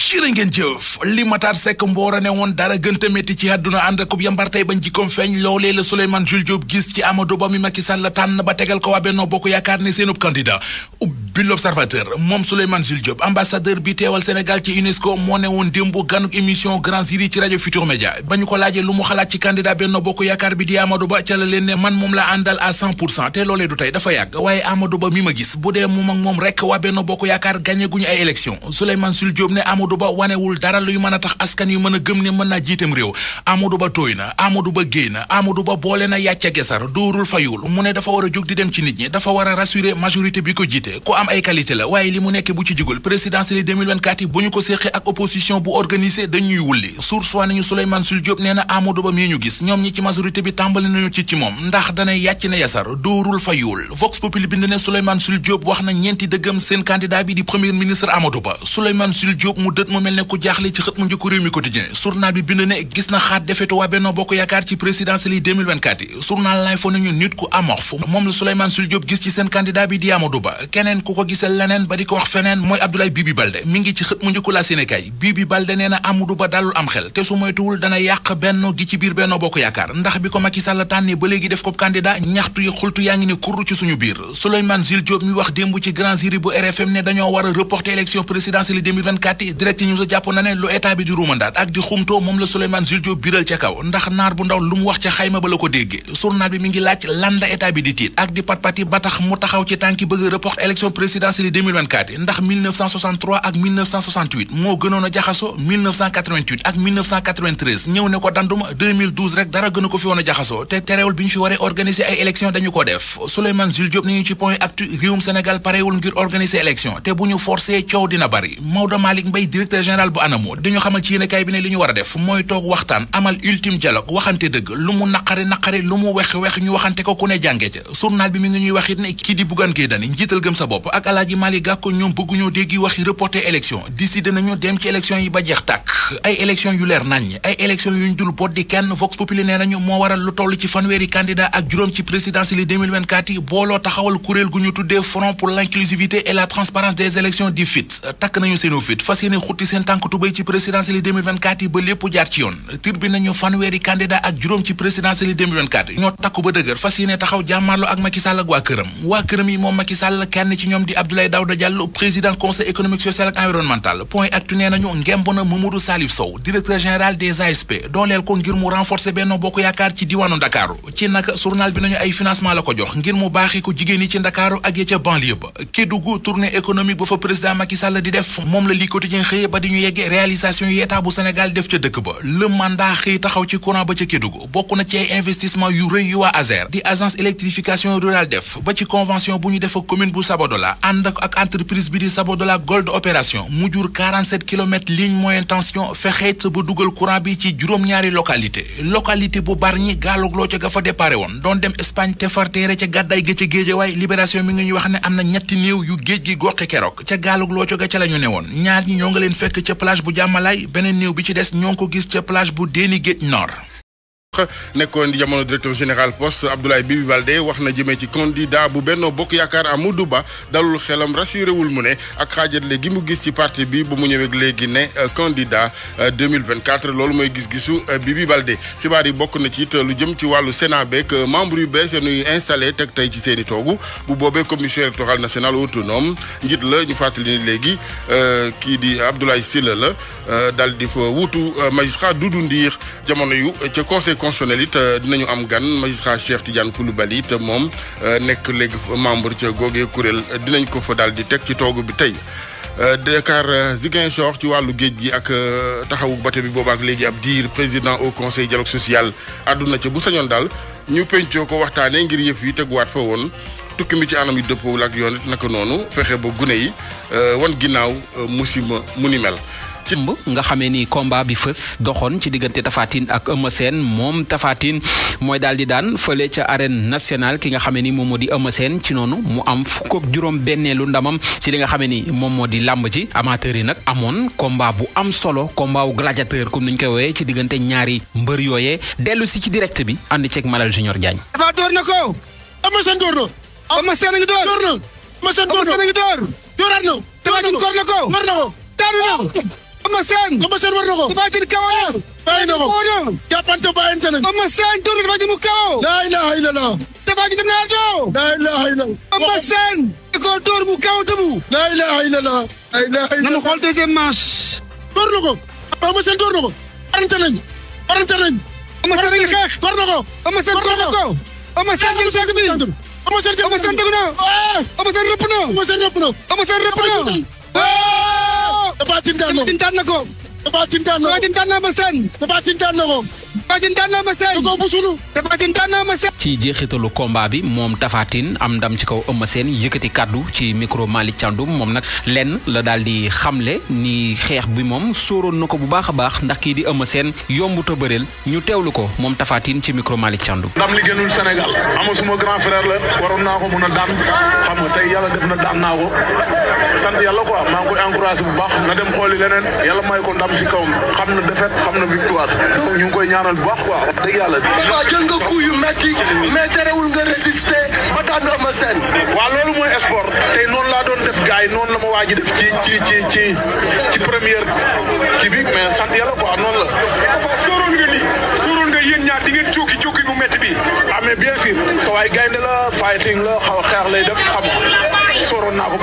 jërë ngeen jëf li Matar Seck mboora ne woon dara gënta métti ci àdduna ànd akub yambartey bañ jikkoom feeñ loolee la Souleymane Jules Diop gis ci Amadou Ba mi Macky Sall la tànn ba tegal rajo Futur Média ba ko laajee lu mu xalaat ci candidat Benno Bokk Yaakaar bi di Amadou Ba ca la leen man moom la àndal à te loolee du tey dafa yàgg waaye Amadou Ba mi ma gis bu dee moom ak moom rek waa Benno Bokk Yaakaar gagné guñu ay élection Souleymane Jules Diop ne Amadou Amadou Ba wanewul dara luy mën a tax askan yu mën a gëm ne mën naa jiitam réew Amadou Ba tooy na Amadou Ba géey na Amadou Ba boole na yàcca gesar dóorul fayul mu ne dafa war a jóg di dem ci nit ñi dafa war a rassurer majorité bi ko jiite ku am ay qualité la waaye li mu nekk bu ci jugul présidentielle 2024 yi bu nee na Amadou Ba mii ñu gis ñoom ñi ci majorité bi tàmbali nañu ci ci moom ndax dana yàcc na yasar dóorul fayul Vox Populi bind mu dët mu mel ne ku jaaxle ci xët mu njëkk réew mi quotidien journal bi bind ne gis na xaat defetu waa Benno Bokk Yaakaar ci présidentielle yi 2024 yi journal lay fo nañu nit ku amorf moom la Souleymane Jules Diop gis ci seen candidat bi di Amadou Ba keneen ku ko gisal leneen ba di ko wax feneen mooy Abdoulaye Bibi Baldé mi ngi ci xët mu njëkk la Sénégal Bibi Baldé nee na Amadou Ba dalul am xel te su moytuwul dana yàq benno gi ci biir Benno Bokk Yaakaar ndax bi ko Macky Sall tànnee ba léegi ne kurru ci suñu biir Souleymane Jules direct news jàpp na ne lu état bi di ruumandaat ak di xumtoo moom la Souleymane Jules Diop biral ca kaw ndax naar bu ndaw lu mu wax ca xayma ba la ko déggee journal bi mi ngi laaj lan la bi di tiit ak di patpati ba tax mu taxaw ci tànki bëgg report élection présidentielle ndax ak moo gënoon a jaxaso 1988 ak 1993 ñëw ne ko dandum 2012 rek dara gën a ko fi woon jaxasoo te terewul bi ñu fi waree organiser ay élection dañu ko def Souleymane Jules Diop ni ñu ci point directeur général bu ANAMO di ñu xamal ci yéenekaay bi ne li ñu war a def mooy toog waxtaan amal ultime dialogue waxante dëgg lu mu naqari naqari lu mu wex wex ñu waxante ko ku ne jàngee ca journal bi mi ngi ñuy wax it ne kii di Bougane Gueye Dany njiital gëm sa bopp ak Alaaji Malick Gakou ñoom bëgguñoo dégg waxi reporter élection décidé nañu dem ci élection yi ba jeex tàkk ay élection yu leer nañ ay élection yu ñu dul bot di kenn Vox Populi nee nañu moo lu toll ci fanweeri candidat ak juróom ci présidentielle yi 2024 yi booloo taxawal kuréel gu ñu tuddee Front pour l'inclusivité et la xutti seen tànk tubéy ci présidentielle yi ba lépp jaar ci yoon tur bi nañu fanweeri candidat ak juróom ci présidentielle yi ñoo takku ba dëgër fas yéene taxaw jàmmaarloo ak Macky ak waa këram waa këram yi moom Macky kenn ci ñoom di Abdoulaye Daouda Diallo président conseil économique social environnemental point actu nee nañu ngemb na Mamadou Salif Sow directeur général des ASP dooleel ko ngir mu renforcer Benno Bokk Yaakaar ci diwaanu Ndakaaru xëye ba di ñu yeggee réalisation yi état bu Sénégal def ca dëkk ba le mandat xëy taxaw ci courant ba ca Kédougou bokk na ci ay investissement yu rëy yu waa ASER di agence électrification rurale def ba ci convention bu ñu def ak commune bu Sabodola ànd ak entreprise bi di Sabodola Gold Opération mu jur 47 kilomètres ligne moyenne tension fexeet ba dugal courant bi ci juróom-ñaari localité localité bu Bargny gaalogloo ca ga fa déparé woon doon dem Espagne te ga ca Géejawaay libération mi ngi ñuy wax ne am na ñetti néew yu géej gi goqi keroog ca gaalogloo ca ga ca la ñu ne woon leen fekk ca plage bu jàmmalaay beneen néew bi ci des ñoo ngi ko gis ca plage bu déeni géej nord nekkoon di jamono directeur général poste Abdoulaye Bibi Baldé wax na jëmee ci candidat bu Benno Bokk Yaakaar Amadou Ba dalul xelam rassuré wul mu ne ak xaajatle gi mu gis ci parti bi ba mu ñëweeg léegi ne euh, candidat 2024 euh, loolu mooy gis-gisu euh, Bibi Baldé xibaar yi bokk na ci it lu jëm ci wàllu Sénat beeg membre yu bees nuy installé teg tey ci seen i toogu bu boobee commission électorale nationale autonome njit la ñu fàttali ni léegi kii di Abdoulaye Sylla la dal di fa wuutu magistrat Doudou Ndir jamono yu ca constitutionnel it euh, dinañu am gan magistrat Cheikh Tidiane Koulibaly te moom euh, nekk léegi membre ca googee kuréel euh, dinañ ko fa daal di teg ci toogu bi tey. Dakar Ziguinchor ci wàllu géej gi ak taxawu bato bi ak léegi ab diir président au conseil dialogue social àdduna ca bu sañoon daal ñu pencoo ko waxtaanee ngir yëf yi teguwaat fa woon. tukki mi ci anam yi dëppoo ak yoon it naka noonu fexe ba gune yi wan ginnaaw musima mu ni mel. ci mb nga xamee ni combat bi fës doxoon ci diggante Tafatine ak Eumeu Sène moom Tafatine mooy daal di daan fële ca arène nationale ki nga xamee ni moom moo di Eumeu Sène ci noonu mu am fukk juróom benneelu ndamam ci li nga xamee ni moom moo di làmb ji amateur yi nag amoon combat bu am solo combat wu gladiateur comme ni ñu koy wooyee ci diggante ñaari mbër yooyee dellu ci direct bi ànd ceeg Malal Junior Diagne. dafa door na ko. Eumeu Sène door na. Eumeu Sène a ngi door door na. Eumeu Sène door na. Eumeu Sène a ngi door. dooraat na. Tafatine kor Eumeu Sène Eumeu Sène war na ko Tapha Tine kawo na bàyyi na ko kawo na jàppante bàyyante nañ Eumeu Sène dóor na Tapha Tine mu kawo laa ilaha illallah Tapha Tine dem na rajo laa ilaha illallah Eumeu Sène da koo dóor mu kaw tëbu laa ilaha illallah laa ilaha illallah nanu xool deuxième manche dóor na ko Eumeu Sène dóor na ko arante nañ arante nañ Eumeu Sène ngi xeex dóor na ko Eumeu Sène dóor na ko Eumeu Sène jël saak bi Eumeu Sène jël Eumeu Sène dëgg na Eumeu Sène rëpp na Eumeu Sène rëpp na Eumeu Sène rëpp na Tapha Tine daan na ko Tafatin daan na ko Tafatin daan ma seen. Tafatin daan na ma seen. da ko busulu. ma seen. ci jeexitalu combat bi moom Tafatin am ndam ci kaw Eumeu Sène yëkkati kaddu ci micro Malick Thiandoum moom nag lenn la daal di xamle ni xeex bi moom sóoroon nu ko bu baax a baax ndax kii di Eumeu Sène yombut a bëreel ñu teewlu ko moom Tafatin ci micro Malick Thiandoum. ndam li gënul Sénégal amoo suma grand frère la waroon naa ko mun a daan xam tey yàlla def na daan naa ko sant yàlla ndam si kawam xam na défaite xam na victoire donc ñu ngi koy ñaanal bu baax quoi dëgg yàlla waaw jël nga coup yu metti mais terewul nga résister ba daan Eumeu Sène waaw loolu mooy sport tey noonu laa doon def gars yi noonu la ma waa ji def ci ci ci ci ci première kii bi mais sant yàlla quoi noonu la sóoroon nga nii sóoroon nga yéen ñaar di ngeen jógi jógi bu metti bi ah mais bien sûr sa waay gaynde la fighting la xaw xeex lay def xam sooroon naa ko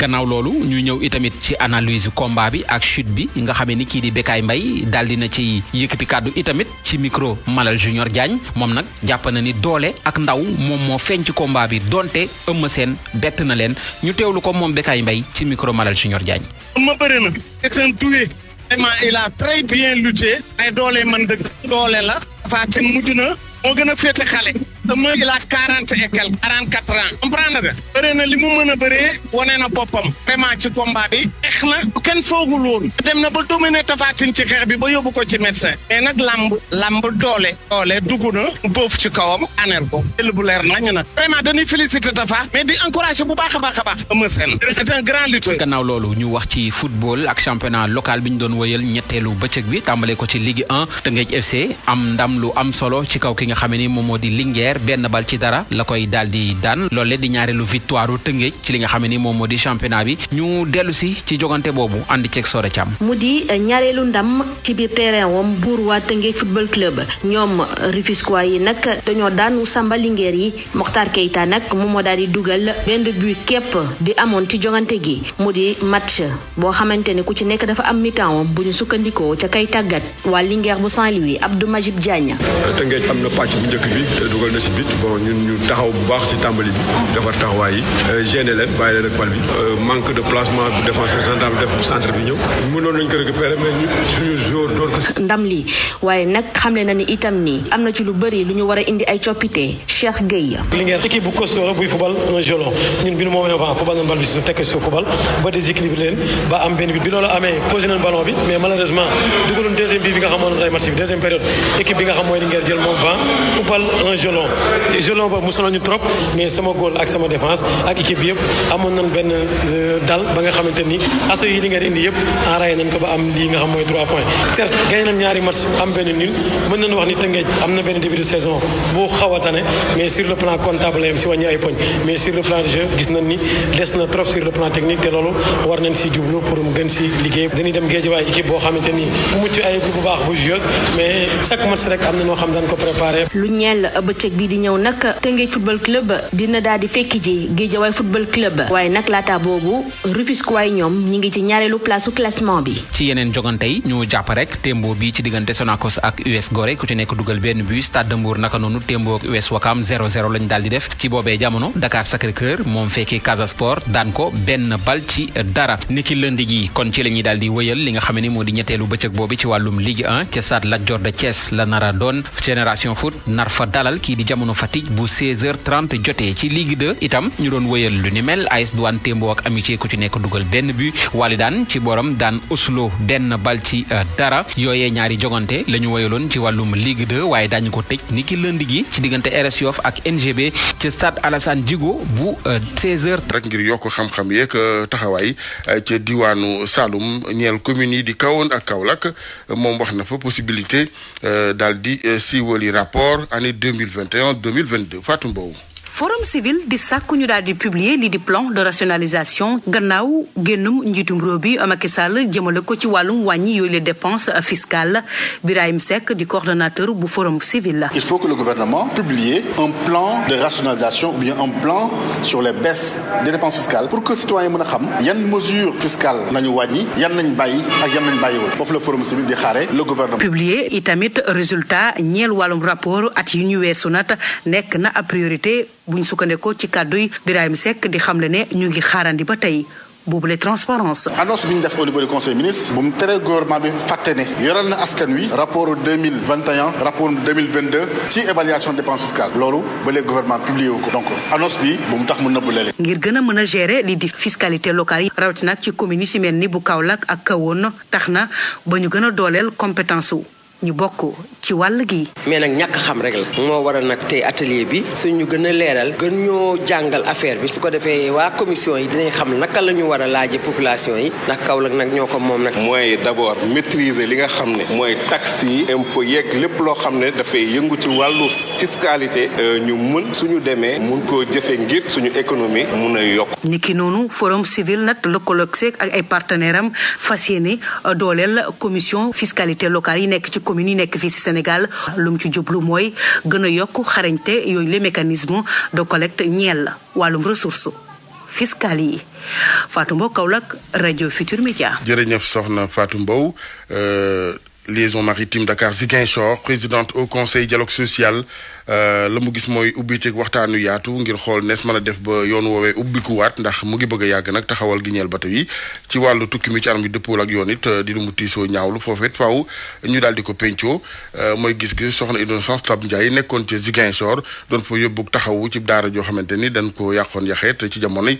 gannaaw loolu ñu ñëw itamit ci analyse combat bi ak chute bi nga xamee ni kii di Bécaye Mbaye daal di na ci yëkkati kàddu itamit ci micro Malal Junior Diagne moom nag jàpp na ni doole ak ndaw moom moo feeñ ci combat bi donte Eumeu seen bett na leen ñu teewlu ko moom Bécaye mbay ci micro Malal Junior Diagne. ma bëri na. c'est un doué. vraiment il a bien lutté. mais doole man dëgg. doole la. Fatim mujj na. moo gën a féete xale. mooy il a quarante et quelque quarante quatre bëree na li mu mën a bëree wane na boppam vraiment ci combat bi xeex na kenn foogul woon dem na ba dominer tafaatin ci xeex bi ba yóbbu ko ci médecin mais nag lamb lamb doole doole dugg na mu boof ci kawam aner ko jël bu leer nañu nag vraiment dañuy féliciter Tafa mais di encourager bu baax a baax a baax Eumeu Sène grand lutteur gannaaw loolu ñu wax ci football ak championnat local bi ñu doon wëyal ñetteelu bëccëg bi tàmbalee ko ci Ligue 1 Teungueth FC am ndam lu am solo ci kaw ki nga xam ne moom moo di Linguère benn bal ci dara la koy daal di daan loolu di ñaareelu victoire Tëngéej ci li nga xam ne ni moom moo di championnat bi ñu dellu si ci jogante boobu ànd ceeg Sore Thiam. mu di euh, ñaareelu ndam ci biir terrain wam buur waa Tëngéej football club ñoom euh, Rufisquois yi nag dañoo daanu Samba Linguère yi Mokhtar Keita nag mu moo daal di dugal benn but képp di amoon ci jogante gi mu di match boo xamante ne ku ci nekk dafa am mi bu ñu sukkandikoo ca kay tàggat waa Linguère bu Saint-Louis Abdou Majib Diagne. si bit bon ñun ñu taxaw bu baax si tàmbali bi ah. defar taxawaay yi euh, gêné leen bàyyi leen ak bal bi euh, manque de placement bu def centre bi ñëw mënoon nañ ko récupérer mais ñu suñu joueur door ko ndam lii waaye nag xamle na ni itam nii am na ci lu bëri lu ñu war indi ay coppite Cheikh Gueye Linguère équipe bu costaud buy fubal un gelon ñun bi nu moomee avant fubal nañ bal bi su ba déséquilibré leen ba gelon ba mosu nañu trop mais sama góol ak sama défense ak équipe yëpp amoon nañ benn euh, dal ba nga xamante ni asso yi li nga indi yëpp enrayé nañ ko ba am lii nga xam mooy 3 points certes gagné ñaari match am benn nul mën nañ wax ni Tëngéej am na benn début saison bu xaw mais sur le plan comptable yam si wàññi ay poñ mais sur le plan de jeu gis nañ ni des na trop sur le plan technique te loolu war nañ si jublu pour mu gën si bii di ñëw nag Tëngéej football club dina daal fekki ji Géejawaay football club waaye nag laata boobu Rufisque waay ñoom ñi ngi ci ñaareelu placeu classement bi. ci yeneen jogante yi ñu jàpp rek tembo bi ci diggante Sonacos ak US Gorée ku ci nekk dugal benn but Stade de Mbour naka noonu tembo ak US Wakam 0-0 di def ci boobee jamono Dakar Sacré-Cœur moom fekkee Casa Sport daan ko benn bal ci dara niki lundi gi kon ci la ñuy daal di wëyal li nga xam ne moo di ñetteelu bëccëg boobu ci wàllum Ligue 1 ca la nara doon Génération jamono Fatick bu 16h30 jotee ci Ligue 2 itam ñu doon wëyal lu ni mel AS Douane Témbo ak Amitié ku ci nekk dugal benn but Walidaan ci borom daan Oslo benn bal ci euh, dara yooye ñaari jogante la ñu wëyaloon ci wàllum Ligue 2 waaye daañu ko tëj ni ki lënd gi ci diggante RS Yoff ak NGB ci stade Alassane Djigo bu 16h. Euh, rek ngir yokk xam-xam yeeg euh, taxawaay ci diwaanu Saloum ñeel communes yi di kawoon ak Kaolack moom wax na fa possibilité daal di siiwali rapport année 2021 en 2022 Fatou Mbow forum civil di sàkku ñu daal di publier li di plan de rationalisation gannaaw génnum njiitum réew bi Macky Sall jëmale ko ci wàllum wàññi yooyu les dépenses fiscales Birahim Seck di coordonnateur bu forum civil. il faut que le gouvernement publie un plan de rationalisation ou bien un plan sur les baisses des dépenses fiscales pour que citoyens mën a xam yan mesures fiscales nañu wàññi yan nañ bàyyi ak yan nañ bàyyiwul foofu la forum civil di xaare le gouvernement. publier résultat ñeel wàllum rapport at yu ñu weesu nat nekk na a buñ sukkandekoo ci kàdduy Birahim Seck di xamle ne ñu ngi xaarandi ba tey boobu la transparence annonce bi ñu def au niveau du conseil ministre bu mu tere gouvernement bi fàtte ne yoral na askan wi rapport 2021 rapport 2022 ci évaluation dépense fiscale loolu ba léegi gouvernement publié ko donc annonce bi bu mu tax mu nëbb léeg ngir gën a mën a gérer lii di fiscalité local yi rawatina nag ci commune yi si mel ni bu Kaolack ak Kawoon tax na ba ñu gën a dooleel compétence wu ñu bokk ci wàll gi. mais nag ñàkk xam rek la. moo waral nag te atelier bi suñu gën a leeral. gën ñoo jàngal affaire bi su ko defee waa commission yi dinañ xam naka la ñu war a population yi ndax Kaolack nag ñoo ko moom nag. mooy d'abord maîtriser li nga xam ne. mooy taxes yi impôts yeeg lépp loo xam ne dafay yëngu ci wàllu fiscalité. Euh, ñu mën suñu demee mun koo jëfee ngir suñu économie mun a yokk. niki noonu forum civil nag lëkkaloog ak ay partenaires am fas yéene euh, dooleel commission fiscalité locale yi nekk ci. communes yi nekk fii ci Sénégal lu mu ci jublu mooy gën a yokku xarañte yooyu le mécanismes de collecte ñeel wàllum ressource fiscale yi Fatou Mbow Kaolack rajo Futur Média. jërëjëf soxna faatu Mbow. Euh, liaison maritime Dakar Ziguinchor présidente au conseil dialogue social. Euh, la mu gis mooy ubbiteeg waxtaanu yaatu ngir xool nees mën a def ba yoon woowee ubbikuwaat ndax mu ngi bëgg a yàgg nag taxawal gi ñeel bato yi ci wàllu tukki mi ci anam yu dëppool ak yoon it euh, di lu mu tiisoo ñaawlu foofu it faaw ñu daal di ko pencoo euh, mooy gis-gis soxna Innocence Tab Ndiaye nekkoon ci Ziguinchor doon fa yóbbu taxawu ci daara joo xamante ni dañ ko yàqoon yaxeet ci jamono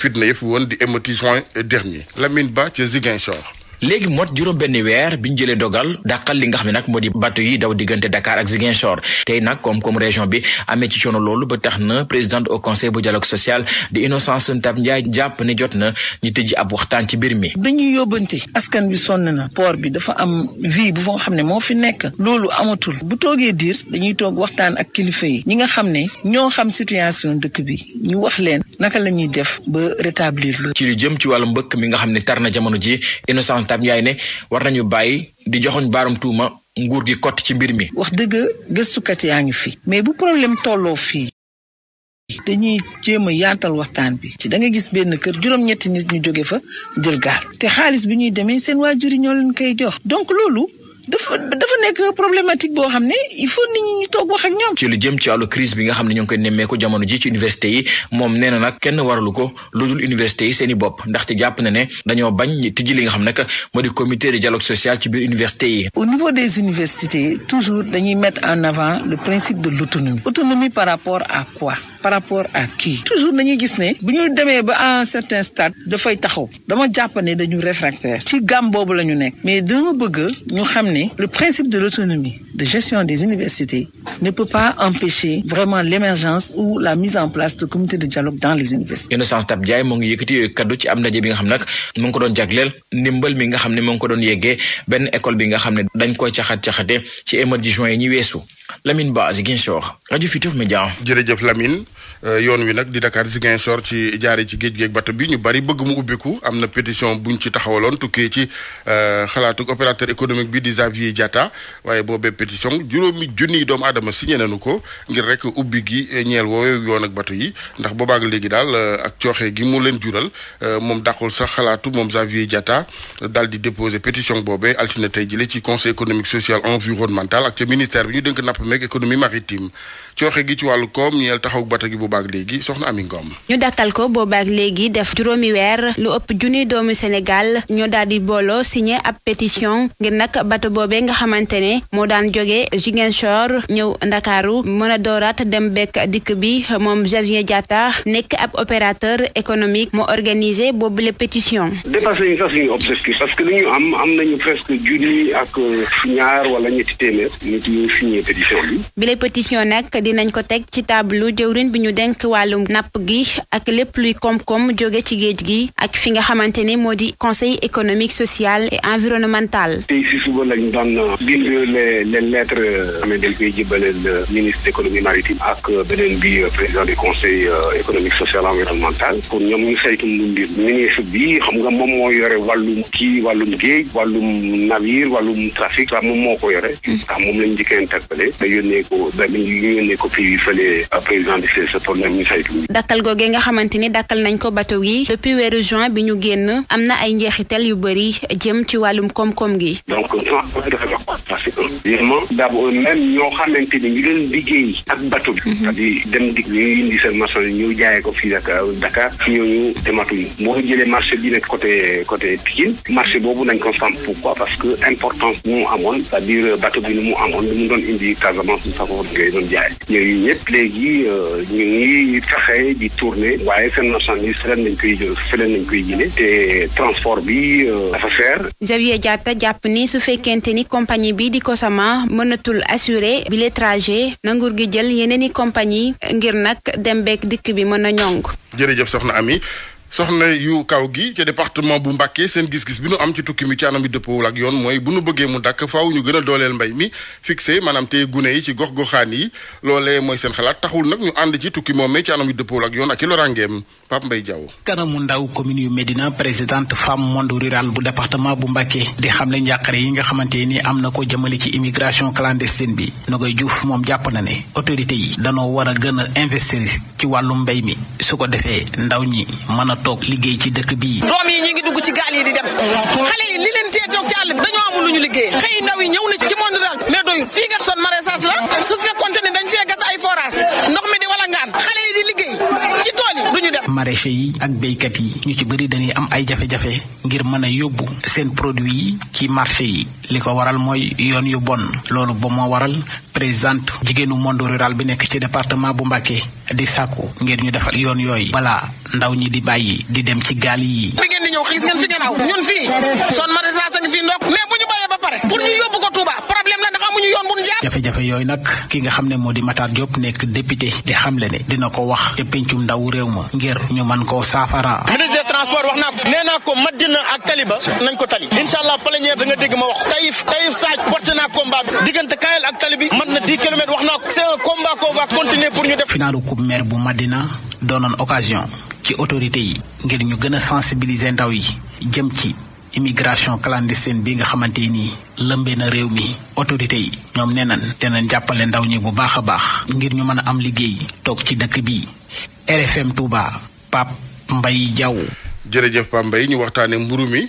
fitna yëf woon di émati juin dernier Lamine Ba ci Ziguinchor léegi mot juróom benn weer bi ñu jëlee dogal dàqal li nga xam ne nag moo di bateau yi daw diggante Dakar ak Ziguinchor tey nag comme comme région bi amee ci coono loolu ba tax na présidente au conseil bu dialogue social di Innocence Ntap Ndiaye jàpp ne jot na ñu tëj ab waxtaan ci mbir mi. dañuy yóbbante askan bi sonn na port bi dafa am vie bu nga xam ne moo fi nekk loolu amatul bu toogee diir dañuy toog waxtaan ak kilifa yi ñi nga xam ne ñoo xam situation dëkk bi ñu leen naka la ñuy def ba rétablir lu. ci lu jëm ci wàllu mbëkk mi nga xam ne tar na jamono ji Innocence Matam Ndiaye ne war nañu bàyyi di joxoñ baaram tuuma nguur gi kott ci mbir mi. wax dëgg gëstukat yaa ngi fi. mais bu problème tolloo fii. dañuy jéem a yaatal waxtaan bi. ci da nga gis benn kër juróom-ñetti nit ñu jóge fa jël gaal. te xaalis bi ñuy demee seen waajur yi ñoo leen koy jox. donc loolu. dafa dafa nekk problématique boo xam ne il faut nit ñi toog wax ak ñoom. ci lu jëm ci wàllu crise bi nga xam ne ñoo ngi koy jamono ji ci université yi moom nee nag kenn waralu ko lu université yi seen i bopp ndaxte jàpp na ne dañoo bañ tijji li nga xam ne que moo di comité de dialogue social ci biir université yi. au niveau des universités toujours dañuy mettre en avant le principe de l'autonomie. autonomie par rapport à quoi. par rapport à la ne ne le principe de l'autonomie de gestion des universités ne peut pas empêcher vraiment l'émergence ou la mise en place de comités de dialogue dans les universités. Innocence Ntap Ndiaye moo ngi kaddu ci am ndaje bi nga xam nag mu doon jagleel ndimbal mi nga xam ne moo ngi ko doon yeggee benn école bi nga xam ne dañ koy caxat caxate ci émergence juin yi ñi weesu Lamine Ba Ziguinchor, Radio Futur Média. jërëjëf Lamine. Euh, yoon wi nag di Dakar Ziguinchor ci jaare ci géej géej bato bi ñu bari bëgg mu ubbiku am na pétition buñ ci taxawaloon tukkee ci euh, xalaatu opérateur économique bi di Xavier Diatta waaye boobee pétition juróomi junniy doomu aadama signé nañu ko ngir rek ubbi gi euh, ñeel woowee yoon ak bato yi ndax boobaak léegi daal ak cooxee gi mu leen jural moom dàqul sax xalaatu moom Xavier Diatta daal di déposé pétition boobee altine tey jile ci conseil économique social environnemental ak ca ministère bi ñu denk napp meeg économie maritime cooxe gi ci wàllu koom ñeel taxaw bato gi boobaak léegi soxna Ami Ngom. ñu dakkal ko boobaak léegi def juróomi weer lu ëpp junni doomu Sénégal ñoo daal di booloo signé ab pétition ngir nag bato boobee nga xamante ne moo daan jógee Ziguinchor ñëw Ndakaaru mën a dooraat dem bekk dikk bi moom Javier Diatta nekk ab opérateur économique moo organisé boobu la pétition. dépassé nañu sax suñu objectif parce que li ñu am am nañu presque junni ak ñaar wala ñetti téeméer nit ñu signé pétition bi. bi ñu dénk wàllum napp gi ak lépp luy koom-koom jóge ci géej gi ak fi nga xamante ne moo di conseil économique social et environnemental. tey si suba lañ doon bind les les lettres amee dañ koy jëbale le ministre économie maritime ak beneen bi président du conseil euh, économique social environnemental pour ñoom ñu saytu mbir ministre bi xam nga moom moo yore wàllum kii wàllum géej wàllum navire wàllum trafic sax moom moo ko yore. ndax mm. moom lañ njëkkee interpellé. foofu nag ñu saytu. dakkal googee nga xamante ni dakkal nañ ko bateau yi depuis weeru juin bi ñu génn am na ay njeexital yu bëri jëm ci wàllum koom-koom gi. donc ah, parce que vraiment d'abord même ñoo xamante ni ñu doon liggéey ak bateau bi. Mhm. cest à dem di ñuy indi seen marché ñu jaayee ko fi Dakar Dakar ñooñu dematuñu boo jëlee marché bi nekk côté côté Pikine marché boobu nañ ko sàmm pourquoi parce que importance bi mu amoon c'est-à-dire euh, bateau bi ni mu amoon li mu doon indi Casamance bi sax nga doon jaay dañuy fexe di tourner waaye seen marchandise feneen nañ koy jël feneen nañ koy jëlee transport bi euh, dafa cher. Xavier Diatta jàpp ni su fekkente ni compagnie bi di ko Cosama mënatul assurer bi les trajets gi jël yeneen i compagnie ngir nag dem beeg dikk bi mën a ñong. jërëjëf soxna Ami. soxna yu kaw gi ca département bu Mbàkke seen gis-gis bi nu am ci tukki mi ci anam yi dëppoowul ak yoon mooy bu nu bëggee mu dakk faaw ñu gën a dooleel mbay mi fixé maanaam tey gune yi ci gox-goxaan yi loolee mooy seen xalaat taxul nag ñu ànd ci tukki moomee ci anam yu ak yoon ak i lorangeem Pape Mbaye Diaw kanamu ndaw commune yu Médina présidente femme monde rural bu département bu Mbàkke di xam le njàqare yi nga xamante ni am na ko jëmale ci immigration clandestine bi Nogoy Diouf moom jàpp na ne autorité yi danoo war a gën a investir ci wàllu mbay mi su ko defee ndaw ñi toog liggéey ci dëkk bi doom yi ñu ngi dugg ci gaal yi di dem xale yi li tee toog ci àll bi amul lu ñu liggéey xëy ndaw yi ñëw na ci monde rural mais doyul nga son maraîchage la su fekkoonte ne dañ fee gas ay forage ndox mi walangaan xale yi di liggéey ci tool yi duñu dem maraîchers yi ak béykat yi ñu ci bëri dañuy am ay jafe-jafe ngir mën a yóbbu seen produit yi ci marché yi li ko waral mooy yoon yu bon loolu ba moo waral présidente jigéenu monde rural bi nekk ci département bu Mbacké di sàkku ngir ñu defal yoon yooyu balaa ndaw ñi di bàyyi di dem ci gaal yi bi ngeen di ñëw xiis ngeen fi ñun fii son maraîchage a ngi fii ndokk mais bu ñu bàyyee ba pare pour ñu yóbbu ko Touba xam jafe-jafe yooyu nag ki nga xam ne moo di mataat Diop nekk député di xam le ne dina ko wax te pencum ndaw réew ma ngir ñu man koo saafara ministre des transports wax naa ko nee naa ko Madina ak Taliba nañ ko tali incha allah plénière da dégg ma wax Taïf Taïf Saaj porté naa combat bi diggante Kayel ak Talibi mat na 10 wax naa ko c'est un combat qu'on va pour ñu def finaalu coupe maire bu Madina doonoon occasion ci autorité yi ngir ñu gën a sensibiliser ndaw yi jëm ci immigration clandestine bi nga xamante nii lëmbee na réew mi autorité yi ñoom nee nañ dinañ jàppale ndaw ñi bu baax a baax ngir ñu mën a am liggéey toog ci dëkk bi RFM Touba Pape Mbaye Diaw jërëjëf mbay Mbaye ñu waxtaane mburu mi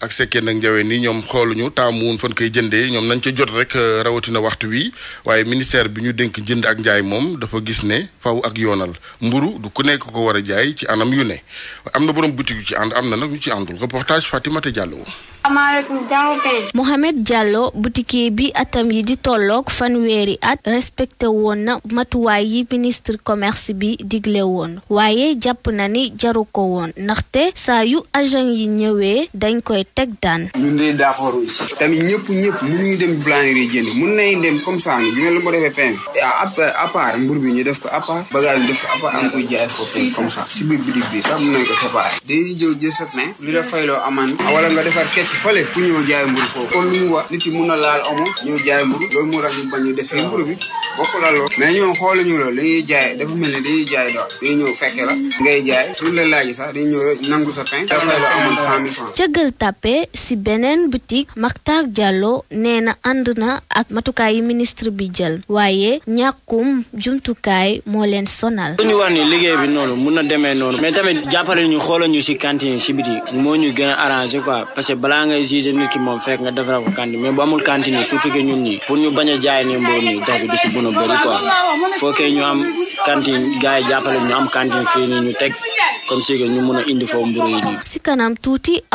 ak sekkee nag njawe nii ñoom xooluñu taamuwun fan koy jëndee ñoom nañ ca jot rek euh, rawatina waxtu wi waaye ministère bi ñu dénk jënd ak njaay moom dafa gis ne faw ak yoonal mburu du ku nekk ko war a jaay ci anam yu ne am na borom boutique yu ci ànd am na nag ñu ci àndul reportage Fatimata Diallo maaleykum jàmm Mohamed Diallo boutique bi atam yi di tollook fanweeri at respecté woon na matuwaay yi ministre commerce bi digle woon waaye jàpp na ni jaru ko woon ndaxte saa yu agent yi ñëwee dañ koy teg daan. ñun de d'accord tamit ñëpp ñëpp ñu dem boulangerie jënd mun nañ dem comme ça ni bi lu ma defee pain bi. à bi ñu def ko à part. bagage def ko à am koy jaay foofu comme ça. si biir boutique bi sax mun nañ ko séparer. dañuy jëw jësëf ne. li la fayloo amaan. wala nga fële ku ñëw jaay mburu foofu kon lu ñu wax la loolu ni la sa pain la amoon cent mille francs ca Gueule Tapée si beneen boutique Mactar Diallo nee na ànd na ak matukaay yi ministre bi jël waaye ñàkkum jumtukaay moo leen sonal ñu wax ni liggéey bi noonu mun na demee noonu mais tamit jàppale ñu xoolal ñu si cantine si biti moo ñu gën a arrangé quoi balaa ngay nit ki moom fekk nga defaral ko mais bu amul surtout que ñun pour ñu bañ a jaay ne mboobu nii si bën a bëri ñu am cantine gars yi jàppale ñu am cantine fii ñu teg comme si ñu mun a indi foofu mburu yi nii. si kanam tuuti.